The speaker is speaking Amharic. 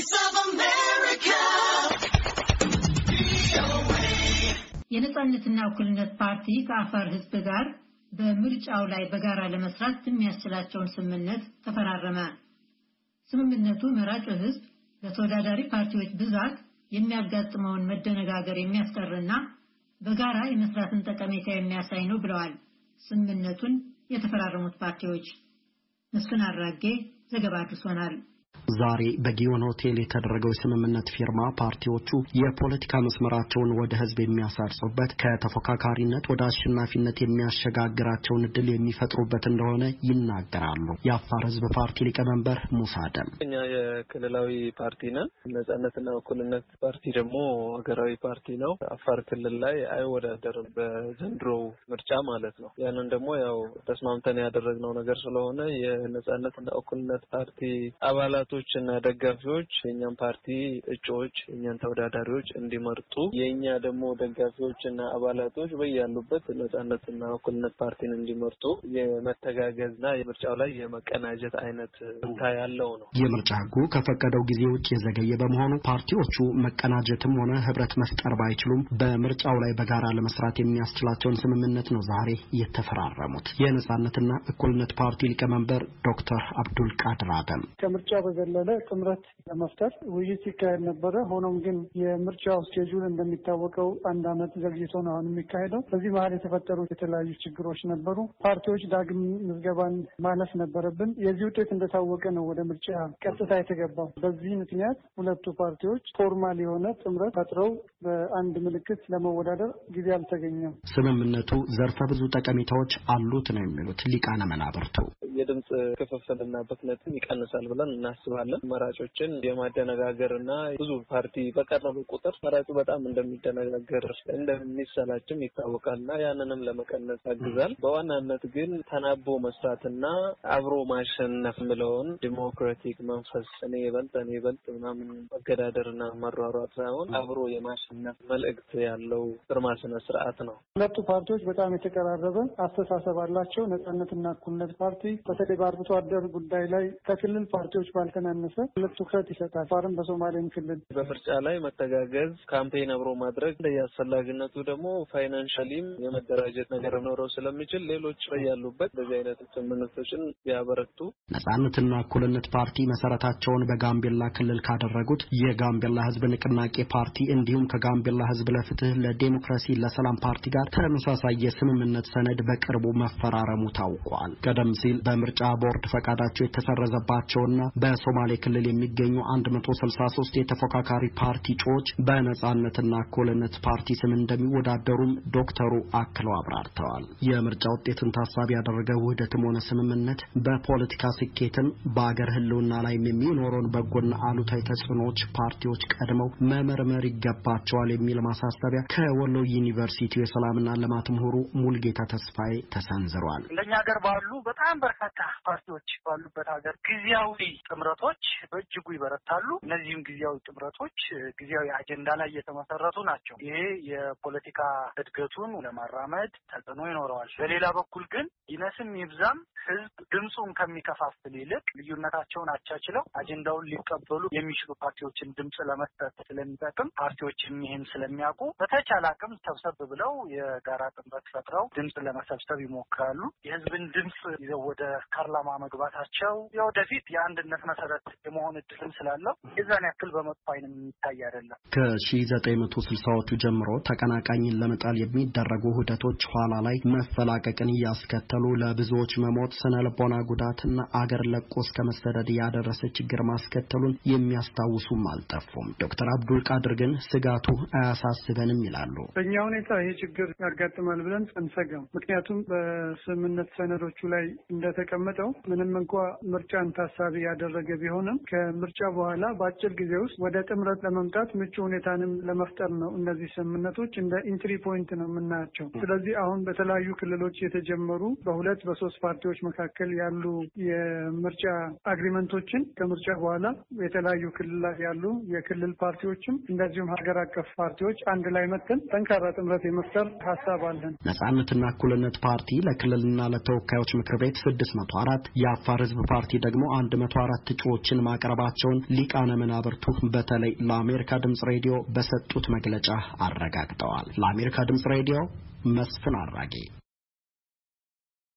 Voice of America. የነጻነትና እኩልነት ፓርቲ ከአፋር ሕዝብ ጋር በምርጫው ላይ በጋራ ለመስራት የሚያስችላቸውን ስምምነት ተፈራረመ። ስምምነቱ መራጩ ሕዝብ ለተወዳዳሪ ፓርቲዎች ብዛት የሚያጋጥመውን መደነጋገር የሚያስቀርና በጋራ የመስራትን ጠቀሜታ የሚያሳይ ነው ብለዋል ስምምነቱን የተፈራረሙት ፓርቲዎች። መስፍን አራጌ ዘገባ አድርሶናል። ዛሬ በጊዮን ሆቴል የተደረገው የስምምነት ፊርማ ፓርቲዎቹ የፖለቲካ መስመራቸውን ወደ ህዝብ የሚያሳርጹበት ከተፎካካሪነት ወደ አሸናፊነት የሚያሸጋግራቸውን እድል የሚፈጥሩበት እንደሆነ ይናገራሉ። የአፋር ህዝብ ፓርቲ ሊቀመንበር ሙሳ ደም እኛ የክልላዊ ፓርቲ ነን፣ ነጻነትና እኩልነት ፓርቲ ደግሞ ሀገራዊ ፓርቲ ነው። አፋር ክልል ላይ አይወዳደርም በዘንድሮ ምርጫ ማለት ነው። ያንን ደግሞ ያው ተስማምተን ያደረግነው ነገር ስለሆነ የነጻነትና እኩልነት ፓርቲ አባላቶች አባላቶች እና ደጋፊዎች የእኛን ፓርቲ እጩዎች የእኛን ተወዳዳሪዎች እንዲመርጡ የእኛ ደግሞ ደጋፊዎች እና አባላቶች በያሉበት ነጻነትና እኩልነት ፓርቲን እንዲመርጡ የመተጋገዝና የምርጫው ላይ የመቀናጀት አይነት ብታ ያለው ነው። የምርጫ ህጉ ከፈቀደው ጊዜ ውጭ የዘገየ በመሆኑ ፓርቲዎቹ መቀናጀትም ሆነ ህብረት መፍጠር ባይችሉም በምርጫው ላይ በጋራ ለመስራት የሚያስችላቸውን ስምምነት ነው ዛሬ የተፈራረሙት። የነጻነትና እኩልነት ፓርቲ ሊቀመንበር ዶክተር አብዱል ቃድር አደም ከምርጫ የዘለለ ጥምረት ለመፍጠር ውይይት ሲካሄድ ነበረ። ሆኖም ግን የምርጫው ስኬጁል እንደሚታወቀው አንድ ዓመት ዘግይቶ ነው አሁን የሚካሄደው። በዚህ መሀል የተፈጠሩ የተለያዩ ችግሮች ነበሩ። ፓርቲዎች ዳግም ምዝገባን ማለፍ ነበረብን። የዚህ ውጤት እንደታወቀ ነው ወደ ምርጫ ቀጥታ የተገባው። በዚህ ምክንያት ሁለቱ ፓርቲዎች ፎርማል የሆነ ጥምረት ፈጥረው በአንድ ምልክት ለመወዳደር ጊዜ አልተገኘም። ስምምነቱ ዘርፈ ብዙ ጠቀሜታዎች አሉት ነው የሚሉት ሊቃነ መናብርቱ። የድምፅ ክፍፍልና ብክነትን ይቀንሳል ብለን እናስባለን እናቀርባለን። መራጮችን የማደነጋገር እና ብዙ ፓርቲ በቀረበ ቁጥር መራጩ በጣም እንደሚደነጋገር እንደሚሰላችም ይታወቃል እና ያንንም ለመቀነስ ያግዛል። በዋናነት ግን ተናቦ መስራትና አብሮ ማሸነፍ ምለውን ዲሞክራቲክ መንፈስ እኔ ይበልጥ እኔ ይበልጥ ምናምን መገዳደርና መሯሯጥ ሳይሆን አብሮ የማሸነፍ መልእክት ያለው ግርማ ስነ ስርዓት ነው። ሁለቱ ፓርቲዎች በጣም የተቀራረበ አስተሳሰብ አላቸው። ነጻነትና እኩልነት ፓርቲ በተለይ በአርብቶ አደር ጉዳይ ላይ ከክልል ፓርቲዎች ባልከ ያልተናነሰ ሁለት ትኩረት ይሰጣል። አፋርም በሶማሌም ክልል በምርጫ ላይ መተጋገዝ፣ ካምፔን አብሮ ማድረግ እንደየአስፈላጊነቱ ደግሞ ፋይናንሻሊም የመደራጀት ነገር ኖረው ስለሚችል ሌሎች ላይ ያሉበት በዚህ አይነት ስምምነቶችን ያበረቱ። ነጻነትና እኩልነት ፓርቲ መሰረታቸውን በጋምቤላ ክልል ካደረጉት የጋምቤላ ህዝብ ንቅናቄ ፓርቲ እንዲሁም ከጋምቤላ ህዝብ ለፍትህ ለዴሞክራሲ ለሰላም ፓርቲ ጋር ተመሳሳይ የስምምነት ሰነድ በቅርቡ መፈራረሙ ታውቋል። ቀደም ሲል በምርጫ ቦርድ ፈቃዳቸው የተሰረዘባቸውና በሶ በሶማሌ ክልል የሚገኙ 163 የተፎካካሪ ፓርቲ እጩዎች በነጻነትና እኩልነት ፓርቲ ስም እንደሚወዳደሩም ዶክተሩ አክለው አብራርተዋል። የምርጫ ውጤትን ታሳቢ ያደረገ ውህደትም ሆነ ስምምነት በፖለቲካ ስኬትም በአገር ህልውና ላይም የሚኖረውን በጎና አሉታዊ ተጽዕኖዎች ፓርቲዎች ቀድመው መመርመር ይገባቸዋል የሚል ማሳሰቢያ ከወሎ ዩኒቨርሲቲ የሰላምና ልማት ምሁሩ ሙልጌታ ተስፋዬ ተሰንዝሯል። እንደኛ ሀገር ባሉ በጣም በርካታ ፓርቲዎች ባሉበት ሀገር ጊዜያዊ ጥምረት ጥምረቶች በእጅጉ ይበረታሉ። እነዚህም ጊዜያዊ ጥምረቶች ጊዜያዊ አጀንዳ ላይ የተመሰረቱ ናቸው። ይሄ የፖለቲካ እድገቱን ለማራመድ ተጽዕኖ ይኖረዋል። በሌላ በኩል ግን ይነስም ይብዛም ህዝብ ድምፁን ከሚከፋፍል ይልቅ ልዩነታቸውን አቻችለው አጀንዳውን ሊቀበሉ የሚችሉ ፓርቲዎችን ድምፅ ለመስጠት ስለሚጠቅም ፓርቲዎችም ይህን ስለሚያውቁ በተቻለ አቅም ሰብሰብ ብለው የጋራ ጥምረት ፈጥረው ድምፅ ለመሰብሰብ ይሞክራሉ። የህዝብን ድምፅ ይዘው ወደ ፓርላማ መግባታቸው የወደፊት የአንድነት መሰረ መሰረት የመሆን እድልም ስላለው የዛን ያክል በመጥፎ አይንም የሚታይ አይደለም። ከሺ ዘጠኝ መቶ ስልሳዎቹ ጀምሮ ተቀናቃኝን ለመጣል የሚደረጉ ውህደቶች ኋላ ላይ መፈላቀቅን እያስከተሉ ለብዙዎች መሞት፣ ስነ ልቦና ጉዳትና አገር ለቆ እስከ መሰደድ ያደረሰ ችግር ማስከተሉን የሚያስታውሱም አልጠፉም። ዶክተር አብዱል ቃድር ግን ስጋቱ አያሳስበንም ይላሉ። በእኛ ሁኔታ ይሄ ችግር ያጋጥማል ብለን አንሰጋም። ምክንያቱም በስምምነት ሰነዶቹ ላይ እንደተቀመጠው ምንም እንኳ ምርጫን ታሳቢ ያደረገ ቢሆንም ከምርጫ በኋላ በአጭር ጊዜ ውስጥ ወደ ጥምረት ለመምጣት ምቹ ሁኔታንም ለመፍጠር ነው። እነዚህ ስምምነቶች እንደ ኢንትሪ ፖይንት ነው የምናያቸው። ስለዚህ አሁን በተለያዩ ክልሎች የተጀመሩ በሁለት በሶስት ፓርቲዎች መካከል ያሉ የምርጫ አግሪመንቶችን ከምርጫ በኋላ የተለያዩ ክልል ላይ ያሉ የክልል ፓርቲዎችም እንደዚሁም ሀገር አቀፍ ፓርቲዎች አንድ ላይ መጥተን ጠንካራ ጥምረት የመፍጠር ሀሳብ አለን። ነጻነትና እኩልነት ፓርቲ ለክልልና ለተወካዮች ምክር ቤት ስድስት መቶ አራት የአፋር ህዝብ ፓርቲ ደግሞ አንድ መቶ አራት እጩ ምግቦችን ማቅረባቸውን ሊቃነ መናብርቱ በተለይ ለአሜሪካ ድምፅ ሬዲዮ በሰጡት መግለጫ አረጋግጠዋል። ለአሜሪካ ድምፅ ሬዲዮ መስፍን አራጌ